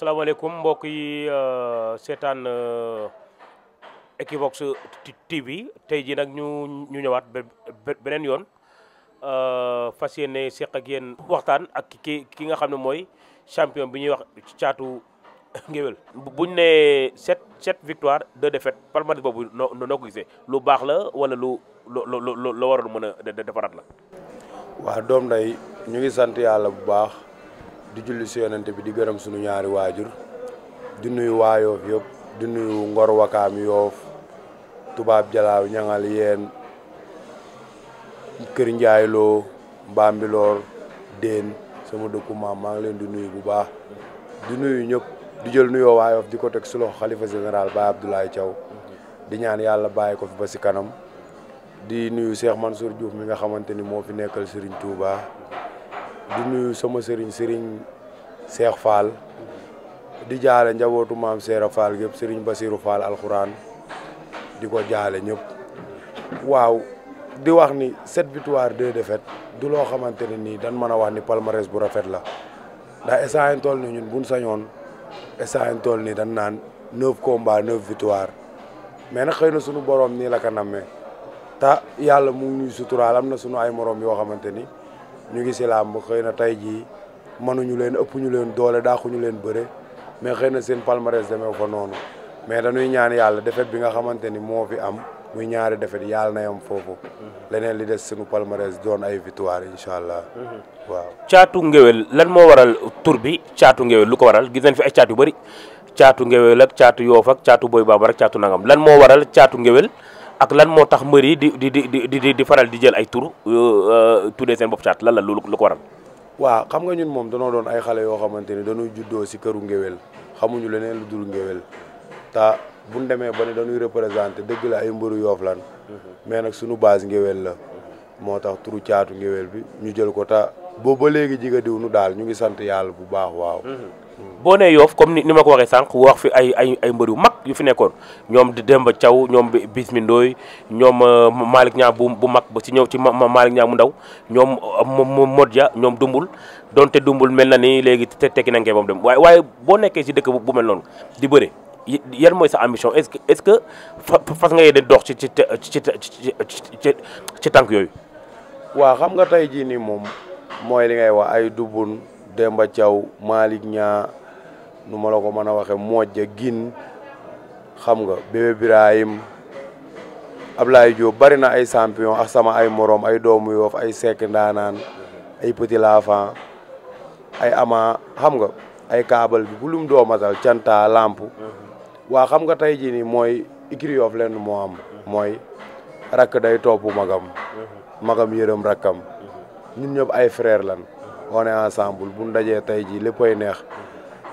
asalaamaaleykum mbokk yi euh, seetaan euh, Equivox TV tey jii nag ñu ñu ñëwaat beneen yoon euh, fas yéene seq ak yéen waxtaan ak ki ki nga xam ne mooy champion bi ñuy wax caatu ngéwél buñ ne sept sept victoire deux défaites palmarès boobu noo noo ko gisee lu baax la wala lu lu lu waroon mën a defaraat la. waaw doom day ñu ngi sant yàlla bu baax. di julli si yonente bi di gërëm sunu ñaari waajur di nuyu waa Yoof yëpp di nuyu Ngor Wakaam Yoof Tubaab Jalaaw ñangal yeen Kër Njaay Loo Bambilor Déen sama dëkku maam maa ngi leen di nuyu bu baax di nuyu ñëpp di jël nuyoo waa Yoof di ko teg si loxo xalifa général Baye Abdoulaye Thiaw di ñaan yàlla bàyyi ko fi ba si kanam di nuyu Cheikh Mansour Diouf mi nga xamante ni moo fi nekkal Serigne Touba. du nuyu sama sëriñ sëriñ Cheikh Fall di jaale njabootu maam Seera Fall yëpp sëriñ Basirou Fall alxuraan di ko jaale ñëpp waaw di wax ni sept victoires deux défaites du loo xamante ne nii dañ mën a wax ni palmarès bu rafet la ndax essane tool ni ñun buñ sañoon essane tool nii dañ naan neuf combats neuf victoires mais na xëy na sunu borom nii la ko ta yàlla mu ngi ñuy suturaal am na sunu ay moroom yoo xamante ni. ñu ngi si làmb xëy na tey jii mënuñu leen ëpp ñu leen doole daaxuñu leen bëre mais xëy na seen palmarès demee fa noonu mais dañuy ñaan yàlla defet bi nga xamante ni moo fi am muy ñaari defet yàlla na yam foofu leneen li des suñu palmarès doon ay victoire incha allah waaw caatu ngéwél lan moo waral tur bi caatu ngéwél lu ko waral gis neen fi ay caat yu bëri caatu ngéwél ak caatu yoof ak caatu boy ba rek caatu nangam lan moo waral caatu ngéwél ak lan moo tax mbër yi di di di di di faral di jël ay tur euh, euh, tuddee seen bopp caat lan la loolu lu ko waral. waaw xam nga ñun moom danoo doon ay xale yoo xamante ni dañuy juddoo si këru ngéwél xamuñu leneen lu dul ngéwél te buñ demee ba ne dañuy représenté dëgg la ay mbëru yoof lan mais nag suñu base ngéwél la moo tax turu caatu ngéwél bi ñu jël ko te booba léegi jiga diw nu daal ñu ngi sant yàlla bu baax waaw boo nee yoof comme ni ni ma ko waxee sànq wax fi ay ay ay mbër yu mag yu fi nekkoon ñoom Demba Thiaw ñoom Bismi Ndoye ñoom euh, Malick ñaam bu bu mag ba si ñëw ci Malick Niang mu ndaw ñoom euh, Modja ñoom Dumbul donte Dumbul mel na ni léegi te tekki na ngeen moom dem waaye waaye boo nekkee si dëkk bu mel noonu di bëre yan mooy sa ambition est-ce que est-ce que fas nga yéene dox ci ci ci ci ci tànk yooyu. waa xam nga tey jii nii moom mooy li ngay wax ay dubun Demba Thiaw Malick Niang nu ma la ko mën a waxee Modja Guine xam nga Bébé Birahim Ablaye bari na ay champion ak sama ay moroom ay doomu yoof ay Seck ndaanaan ay Petit Lafan ay Ama xam nga ay kaabal bi bu lum doo matal canta lamp waa xam nga tey jii nii mooy ikri yoof leen moo am mooy rakk day topp magam magam yërëm rakkam ñun ñëpp ay frère lan on est ensemble bu ndajee dajee tey jii léppay neex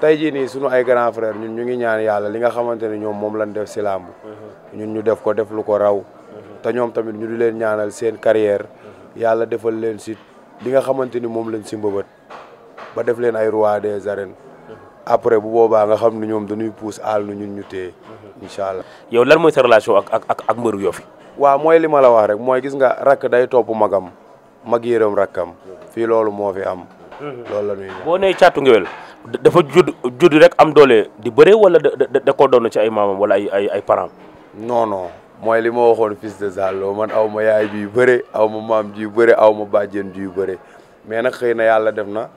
tey jii nii sunu ay grand frère ñun ñu ngi ñaan yàlla li nga xamante ne ñoom moom lañu def si làmb ñun ñu def ko def lu ko raw te ñoom tamit ñu di leen ñaanal seen carrière yàlla defal leen si li nga xamante ni moom lañ si mbëbët ba def leen ay roi des arènes après bu boobaa nga xam ne ñoom dañuy pousse àll nu ñun ñu téye incha allah. yow lan mooy sa relation ak ak ak mbëru Yoff yi. waaw mooy li ma la wax rek mooy gis nga rakk day topp magam. mag yërëm rakkam fii loolu moo fi am. loolu la ñuy ñaan boo nee caatu ngewel dafa judd judd rek am doole di bëre wala da da doon ci ay maamam wala ay ay ay parents. non mooy li ma waxoon fils de Zallo man aw ma yaay bi bëre aw ma maam ji bëre aw ma bàjjen ji bëre mais nag xëy na yàlla def na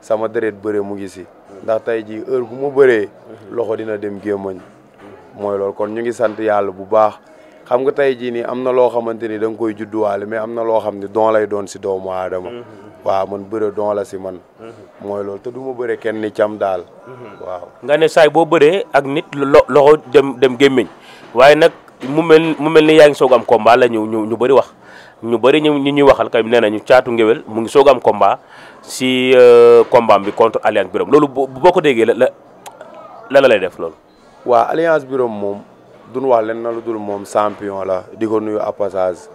sama deret bëre mu ngi si. ndax tey jii heure bu ma bëree. loxo dina dem gémmañ mooy loolu kon ñu ngi sant yàlla bu baax. xam nga tey jii nii am na loo xamante ni danga koy judduwaale mais am na loo xam ni don lay doon si doomu aadama mm-hmm. waaw man bëre don la si man mm-hmm. mooy loolu te du ma bëre kenn ni cam daal mm-hmm. waaw nga ne saay boo bëree ak nit lo loxo dem dem gémmiñ waaye nag mu mel mu mel ni yaa ngi soog am combat la ñu ñu bëri wax ñu bari ñu ñu ñuy waxal kay nee nañu caatu ngéwel mu ngi soog am combat si euh, combat bi contre alliance birom loolu boo ko déggee la la la lay def loolu waaw alliance birom moom duñ wax leen na lu dul moom champion la di ko nuyu à passage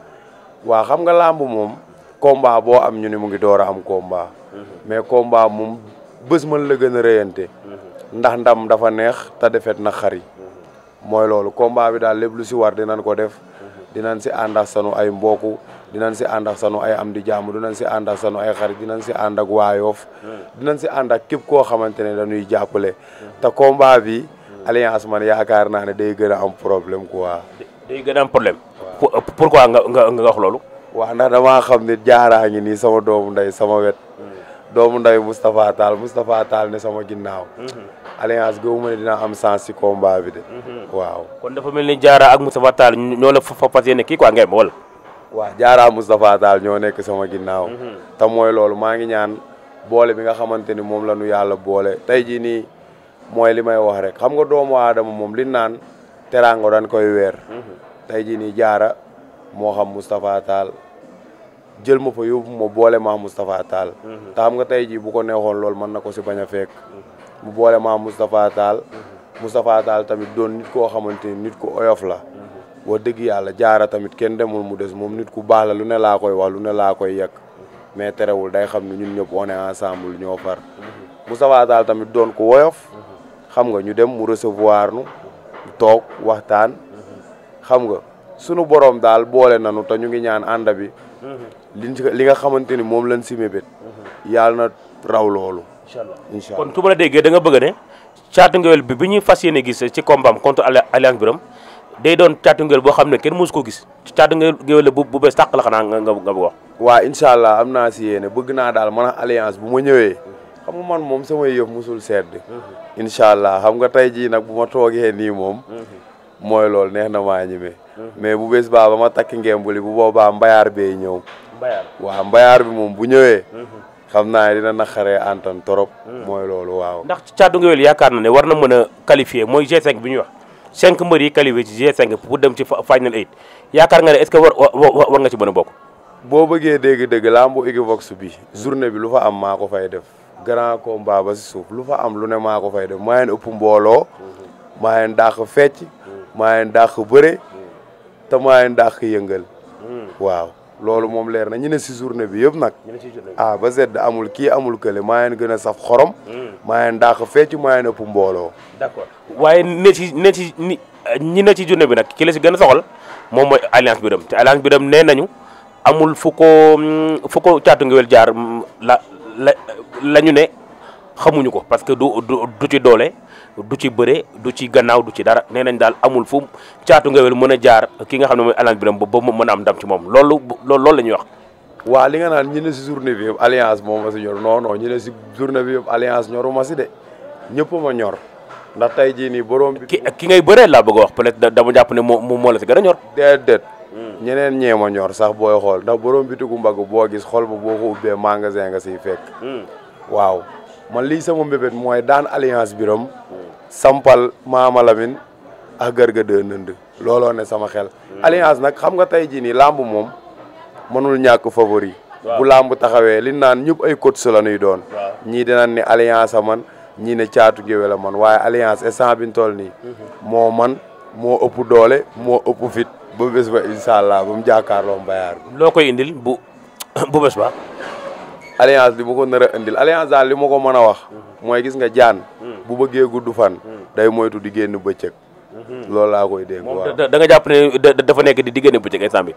waa xam nga làmb moom combat boo am ñu ni mu ngi door a am combat mm-hmm. mais combat moom bés mën la gën a rëyante mm-hmm. ndax ndam dafa neex te defet na xari mm-hmm. mooy loolu combat bi daal lépp lu si war dinañ ko def dinañ si ànd ak sanu ay mbokku dinañ si ànd ak sanu ay am di jàmm dinañ si ànd ak sanu ay xarit dinañ si àndak ak waayoof dinañ si ànd ak képp koo xamante ne dañuy jàppale te combat bi alliance man yaakaar naa ne day gën a am problème quoi. day gën a am problème. waaw pourquoi nga nga wax loolu. wax ndax damaa xam ne jaaraa ngi nii sama doomu nday sama wet. doomu nday Moustapha Tall Moustapha Tall ne sama ginnaaw. Mm-hmm. alliance googu ma ne dina am sens ci combat de. Mm-hmm. waaw kon dafa mel ni jaara ak Moustapha Tall ñoo la fa kii quoi ngeen wala. waaw jaaraa Moustapha Tall ñoo nekk sama ginnaaw. Mm-hmm. ta mooy loolu maa ngi ñaan boole bi nga xamante ni moom la nu yàlla boole tey jii nii. mooy li may wax rek xam nga doomu aadama moom li naan teraango dañ koy weer tey jii nii jaara moo xam Moustapha Tall jël ma fa yóbbu ma boole ma Moustapha Tall te xam tey jii bu ko neexoon loolu mën na ko si bañ a fekk mu boole maa Moustapha Tall Moustapha tamit doon nit koo xamante nit ku oyof la wax dëgg yàlla jaara tamit kenn demul mu des moom nit ku baax la lu ne laa koy wax lu ne laa koy yegg mais terewul day xam ne ñun ñëpp on est ensemble ñoo far Moustapha Tall tamit doon ku woyof xam nga ñu dem mu recevoir nu toog waxtaan xam nga sunu borom daal boole nanu te ñu ngi ñaan ànd bi liñ li nga xamante ni moom lan si mébét yal na raw loolu incha allah kon su ma la déggee da nga bëgg ne Caatu Ngewel bi bi ñuy fas yéene gis ci combat contre Alliance Birame day doon Caatu Ngewel boo xam ne kenn mësu ko gis Caatu Ngewel bu bu bees tàq la xanaa nga nga nga wax. waaw incha allah am naa si yéene bëgg naa daal man Alliance bu ma ñëwee. xam nga man moom sama yëf musul sedd. incha allah xam nga tey jii nag bu ma toogee nii moom. mooy lool neex na maa ñemee. mais bu bés baa ba ma takk ngembuli bu boobaa mbayaar bee ñëw. mbayaar waaw mbayaar bi moom bu ñëwee. xam naa dina naqaree antan torop mooy loolu waaw. ndax Thiatou Nguéweul yaakaar na ne war na mën a qualifier mooy G5 ñuy wax cinq mbër yi qualifié ci G5 pour dem ci final eight yaakaar nga ne est-ce que war war nga ci mën a bokk. boo bëggee dégg-dégg lambu Equivox bi journée bi lu fa am maa ko fay def. grand combat ba si suuf lu fa am lu ne maa ko fay def maa leen ëpp mbooloo maa leen dàq fecc maa leen dàq bëre te maa leen waaw loolu moom leer na ñu ne si journée bi yëpp nag ah ba zedd amul kii amul kële maa leen gën a saf xorom hmm. maa leen dàq fecc maa leen ëpp mbooloo waaye ne ci ne ci ni ñi ne ci journée bi nag ki la si gën a soxal moom mooy alliance bi dam te alliance bi dam nee nañu amul fuko ko fu jaar la la la ñu ne xamuñu ko parce que du du ci doole du ci bëre du ci gannaaw du ci dara nee nañ daal amul fu caatu ngewel mën a jaar ki nga xam ne mooy Alliance Birame ba ba mën a am ndam ci moom loolu loolu la ñuy wax. waaw li nga naan ñu ne si journée bi yëpp alliance moom a si ñor ñu ne si journée bi yëpp alliance ñoru ma si de ñëpp ma ñor ndax tey jii nii borom bi. ki ki ngay bëree laa bëgg wax peut-être dama jàpp ne moo moo la si gën a ñor. déedéet ñeneen ñee ñor sax booy xool ndax borom bitigu mbagg boo gis xool ba boo ko ubbee magasin nga siy fekk. Hmm. waaw man lii sama mbébét mooy daan alliance biram sampal Maama Lamine ak Garga de nënd looloo ne sama xel. Hmm. alliance nag xam nga tey jii nii làmb moom mënul ñàkk favori. bu làmb taxawee li naan ñëpp ay coach la doon. ñii dinañ ni alliance a man ñi ne caatu géwél a man waaye alliance instant bi ñu nii. Hmm. moo man moo ëpp doole moo ëpp fit. bu bés ba incha allah ba mu jàkkaarloo mbayaar bi. loo koy indil bu bu bés ba. alliance li ma ko nar indil alliance daal li ma ko mën a wax. Mm-hmm. mooy gis nga jaan. Mm-hmm. bu bëggee gudd fan. Mm-hmm. day moytu di génn bëccëg. loolu laa koy dégg waaw da nga jàpp ne dafa nekk di génn bëccëg instant bi.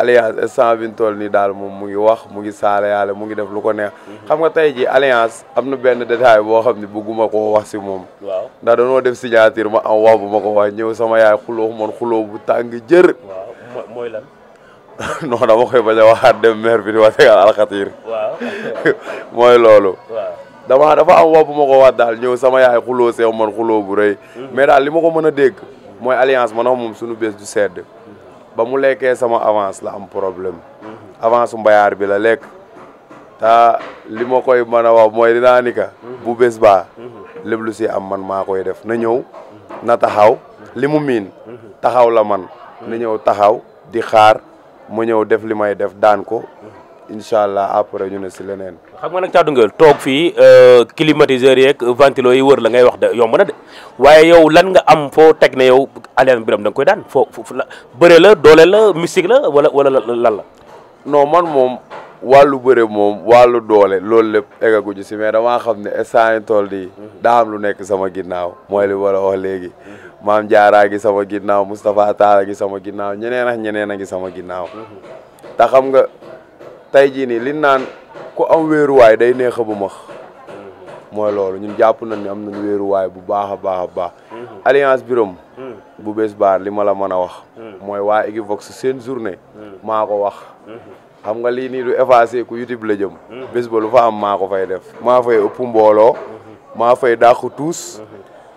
alliance instant bi ñu toll nii daal moom mu ngi wax mu ngi saala yàlla mu ngi def lu ko neex. xam nga tey ji alliance am na benn détail boo xam ne bëgguma koo wax si moom. waaw ndax dañoo def signature ma am wax bu ma ko wax sama yaay xuloo man xuloo bu tàng jër. waaw mooy lan. non dama koy bañ a waxaat dem bi di wax tegal alxatiir. waaw loolu. dama dafa am wax ma ko wax daal ñëw sama yaay xuloo seew man xuloo bu rëy. Mm-hmm. mais daal li ma ko mën a dégg. mooy alliance man moom suñu bés du sedd. ba mu lekkee sama avance la am problème avance mbayaar bi la lekk ta li ma koy mën a wax mooy di ni ka bu bés baa lépp si am man maa koy def na ñëw na taxaw li mu miin taxaw la man na ñëw taxaw di xaar mu ñëw def li may def daan ko incha allah après ñu ne si leneen. xam nga nag Thiatou Nguéweul toog fii euh, climatiseur yeek ventilo yi wër la ngay wax de yomb na de waaye yow lan nga am foo teg ne yow Alioune biram da nga koy daan foo la bëre la doole la mystique la wala wala lan la. non man moom wàllu bëre moom wàllu doole loolu lépp eggaguñu si mais damaa xam ne instant yi tool yi mhm. daa am lu nekk sama ginnaaw mooy li war a wax léegi. maam Diarra gi sama ginnaaw Moustapha Talla gi sama ginnaaw ñeneen ak ñeneen a ngi sama ginnaaw. Mhm. tey jii nii li naan ku am day neex a bu max mooy loolu ñu jàpp nañ ni am nañ wéeruwaay bu baax a baax a baax mhm. alliance birom mhm. bu bés baar li ma la mën a wax mhm. mooy waa si seen journée maa ko wax xam nga lii nii du effacé ku YouTube la jëm bés ba lu fa am maa ko fay def maa fay ëpp mbooloo maa fay dàq tuus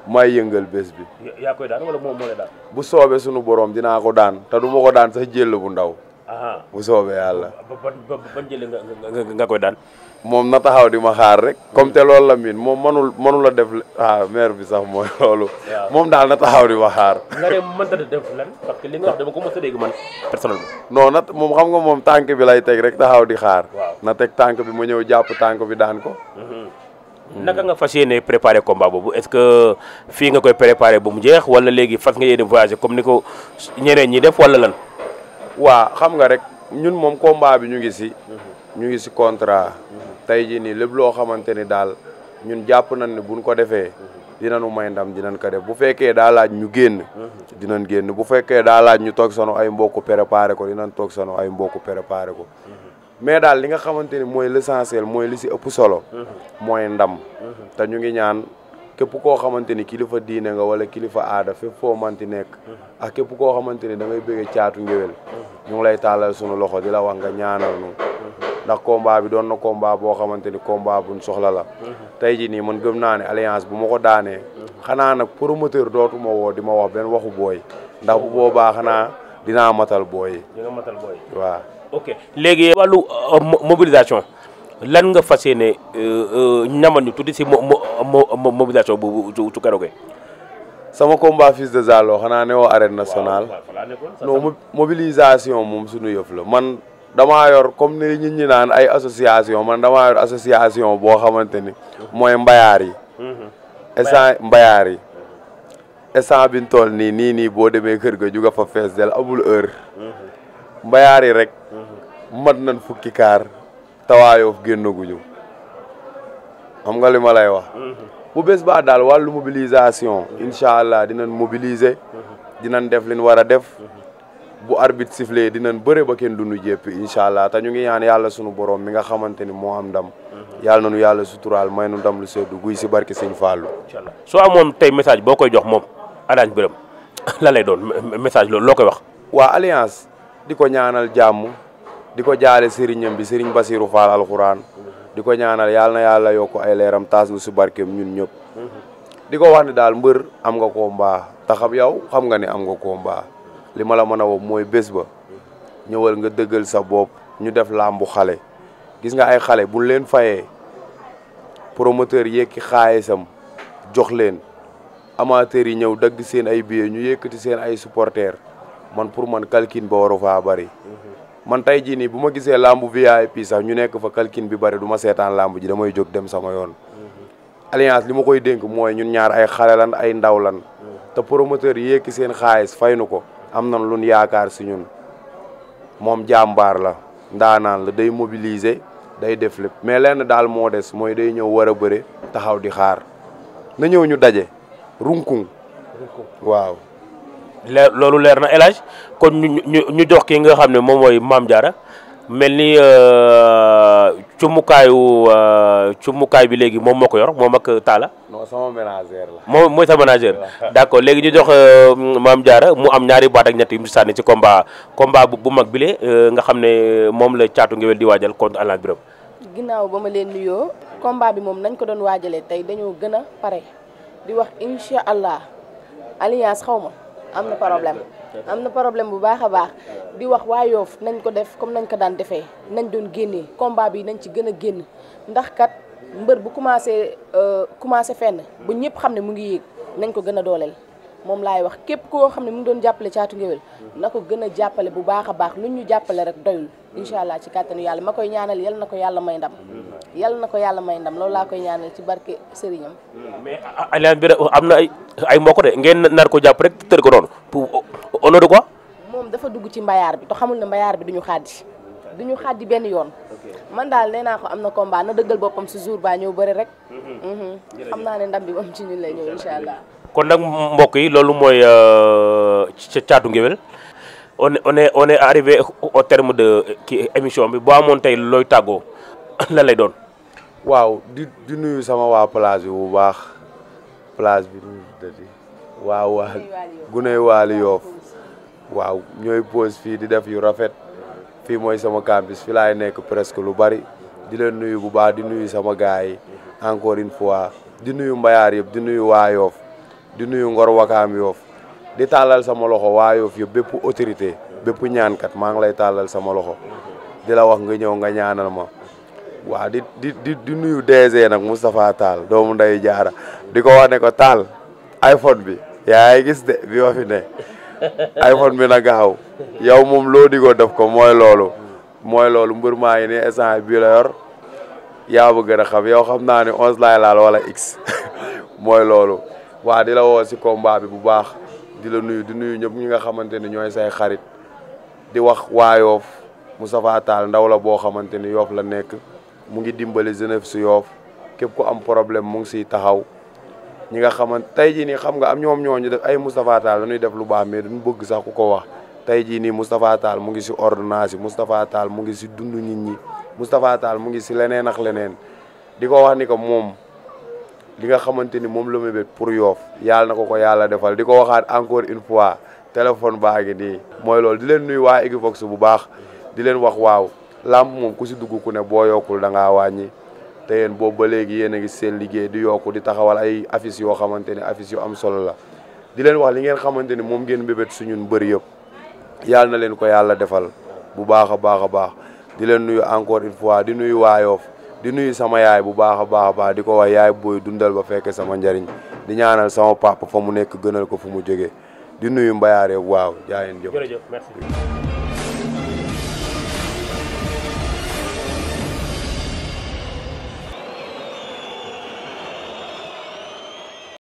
may yëngal bés bi yaa koy daan wala moo lay daan bu soobee sunu borom dinaa ko daan te du ma ko daan sax jël bu ndaw bu soobee yàlla. ba ban jële nga nga koy daan. moom na taxaw di ma xaar rek. Mm. comme te loolu la miin moom manul manul a def ah bi sax mooy loolu. moom daal na taxaw di ma xaar. nga ne mënta def lan parce que li nga wax a dégg man nga moom tànk bi lay teg rek taxaw di xaar. na teg tànk bi mo ñëw jàpp tànk bi daan ko. Mm-hmm. Mm. naka nga fas yéene préparé combat boobu est-ce que fii nga koy préparé ba mu jeex wala léegi fas nga yéene voyager comme ni ko ñeneen ñi def wala lan. waa xam nga rek ñun moom combat bi ñu ngi si. ñu ngi si contrat. tey jii nii lépp loo xamante ni daal ñun jàpp nañ ne buñ ko defee. dinañu may ndam dinañ ko def bu fekkee daa laaj ñu génn. dinañ génn bu fekkee daa laaj ñu toog sanu ay mbokku préparé ko dinañ toog sanu ay mbokku préparé ko. mais daal li nga xamante ni mooy l'essentiel mooy li si ëpp solo. mooy ndam. te ñu ngi ñaan. képp koo xamante ni kilifa diine nga wala kilifa aada fépp foo manti nekk ak képp koo xamante ni da ngay bëgg caatu ngéwél ñu ngi lay taalal sunu loxo di la wax nga ñaanal ndax combat bi doon na combat boo xamante ni combat buñ soxla la tey ji nii man gëm naa ne alliance bu ma ko daanee xanaa nag promoteur dootuma woo di ma wax benn waxu booy ndax bu boo boobaa xanaa dinaa matal booy matal booy waaw léegi wàllu euh, mobilisation lan nga fas yéene ñamal euh, euh, ñu tuuti si mo mo mobilisation bu su keroog sama combat fils de Zalo xanaa ne woo arène nationale non mobilisation moom suñu yëf la man damaa yor comme ni nit ñi naan ay association man damaa yor association boo xamante ni mooy mbayaar yi instant mm-hmm. mbayaar yi instant bi ñu toll nii nii nii boo demee kër ga juga fa fees del amul heure mm-hmm. mbayaar yi rek mm-hmm. mat nañ fukki kaar tawaayoof génnaguñu xam nga li ma lay wax. Mm-hmm. bu bés baa daal wàllu mobilisation. incha allah dinañ mobiliser. Mm-hmm. dinañ def li ñu war a def. Mm-hmm. bu arbitre sifflé dinañ bëre ba kenn duñu jéppi incha allah te ñu ngi ñaan yàlla sunu borom mi nga xamante ni moo am ndam. yàlla nañu yàlla suturaal may nu ndam lu seddu guy si barke sëñ Fallou. incha allah soo amoon tey message boo koy jox moom Alliance Birame lan lay doon message loolu loo koy wax. waa Alliance di ko ñaanal jàmm. di ko jaale sëriñam bi sëriñ Basiru Faal alxuraan di ko ñaanal yàlla na yàlla yokk ay leeram taas nu si barkem ñun ñëpp di ko wax ne daal mbër am nga combat te xam yow xam nga ni am nga combat li ma la mën a woo mooy bés ba ñëwal nga dëggal sa bopp ñu def làmbu xale gis nga ay xale buñ leen fayee promoteur yekki xaayisam jox leen amateurs yi ñëw dagg seen ay billets ñu yëkkati seen ay supporters man pour man kalkin ba waru faa bari man tey jii nii bu ma gisee lambu VIP sax ñu nekk fa kalkin bi bari duma seetaan lamb ji damay jóg dem sama yoon. alliance li ma koy dénk mooy ñun ñaar ay xale lan ay ndaw lan. te promoteur yi yékki seen xaalis fay nu ko am na lu yaakaar si ñun moom jàmbaar la ndaanaan la day mobiliser day def lépp mais leen daal moo des mooy day ñëw war a bëre taxaw di xaar na ñëw ñu daje runkuŋ waaw leer loolu leer na élage kon ñu ñu ñu jox ki nga xam ne moom mooy Maam Jaara mel ni euh, cumukaayu euh, cumukaay bi léegi moom moo ko yor moo mag Talla. non sama ménagère la. moom mooy sa ménagère. d' accord léegi ñu jox euh, Maam Jaara mu am ñaari baat ak ñett sànni ci combat combat bu mag bile nga xam ne moom la caatu ngewel di waajal contre Alain Birame. ginnaaw ba ma leen nuyoo. bi moom nañ ko doon waajalee tey dañoo gën a pare di wax incha allah alliance xaw ma. am na problème am na problème bu baax a baax di wax waa yoof nañ ko def comme nañ ko daan defee nañ doon génnee combat bi nañ ci gën a génn ndax kat mbër bu commencé euh, commencé fenn bu ñëpp xam ne mu ngi yéeg nañ ko gën a dooleel moom laay wax képp koo xam ne mu ngi doon jàppale caatu ngéwél na ko gën a jàppale bu baax a baax lu ñu jàppale rek doyul incha allah ci kàttanu yàlla ma koy ñaanal yal na ko yàlla may ndam yal na ko yàlla may ndam loolu laa koy ñaanal ci barke sëriñam mais ay mbokk de ngeen nar ko jàpp rek tër ko doon pour ono ko moom dafa dugg ci mbayaar bi te xamul ne mbayaar bi duñu xaddi duñu xaddi benn yoon. man daal nee naa ko am na combat na dëggal boppam si jour baa ñëw bari rek. Mm-hmm. xam naa ne ndam bi moom ci ñun lay ñëw incha allah. kon nag mbokk yi loolu mooy euh, ca caatu ngéwél on est on arrivé au terme de kii émission bi boo amoon tey looy tàggoo lan lay doon. waaw di nuyu sama waa place bi bu baax place bi. tuddati waa waa guney waali yoof waaw ñooy pose fii di def yu rafet fii mooy sama campus fi laay nekk presque lu bari di la nuyu bu baax di nuyu sama gars yi encore une fois di nuyu mbayaar yëpp di nuyu waa yoof di nuyu ngor wakaam yoof di tàllal sama loxo waa yoof yëpp bépp autorité bépp ñaankat maa ngi lay tàllal sama loxo di la wax nga ñëw nga ñaanal ma waa di di di nuyu DG nag Moustapha Tall doomu nday jaara di ko wax ne ko Tall iPhone bi yaay gis de bi ma fi ne iPhone bi na gaaw yow moom loo digoo def ko mooy loolu mooy loolu mbër maa ngi nii instant bii la yor yaa bëgg a xam yow xam naa ne onze laay laal wala x mooy loolu waa di la woo si combat bi bu baax di la nuyu di nuyu ñëpp ñi nga xamante ni ñooy say xarit di wax waa Yoff Moustapha Tall ndaw la boo xamante ni Yoff la nekk mu ngi dimbali jeunesse su yoof képp ku am problème mu ngi siy taxaw ñi nga xamante tey jii nii xam nga am ñoom ñooñu def ay Moustapha Tall dañuy def lu baax mais duñu bëgg sax ku ko wax tey jii nii Moustapha mu ngi si ordonnance yi Moustapha mu ngi si dund nit ñi Moustapha Tall mu ngi si leneen ak leneen di ko wax ni ko moom li nga xamante ni moom la mébét pour Yoff yàlla na ko ko yàlla defal di ko waxaat encore une fois téléphone baa ngi nii mooy loolu di leen nuyu waa Equivox bu baax di leen wax waaw làmb moom ku si dugg ku ne boo yokkul da ngaa wàññi te yéen boobu ba léegi yéen a ngi seen liggéey di yokku di taxawal ay affiches yoo xamante ne affiches yu am solo la di leen wax li ngeen xamante ni moom ngeen bébét suñun bëri yëpp yàlla na leen ko yàlla defal bu baax a baax a baax di leen nuyu encore une fois di nuyu waayoof di nuyu sama yaay bu baax a baax a baax di ko wax yaay booy dundal ba fekkee sama njariñ di ñaanal sama papa fa mu nekk gënal ko fu mu jógee di nuyu mbayaareeb waaw jaa ngeen jëf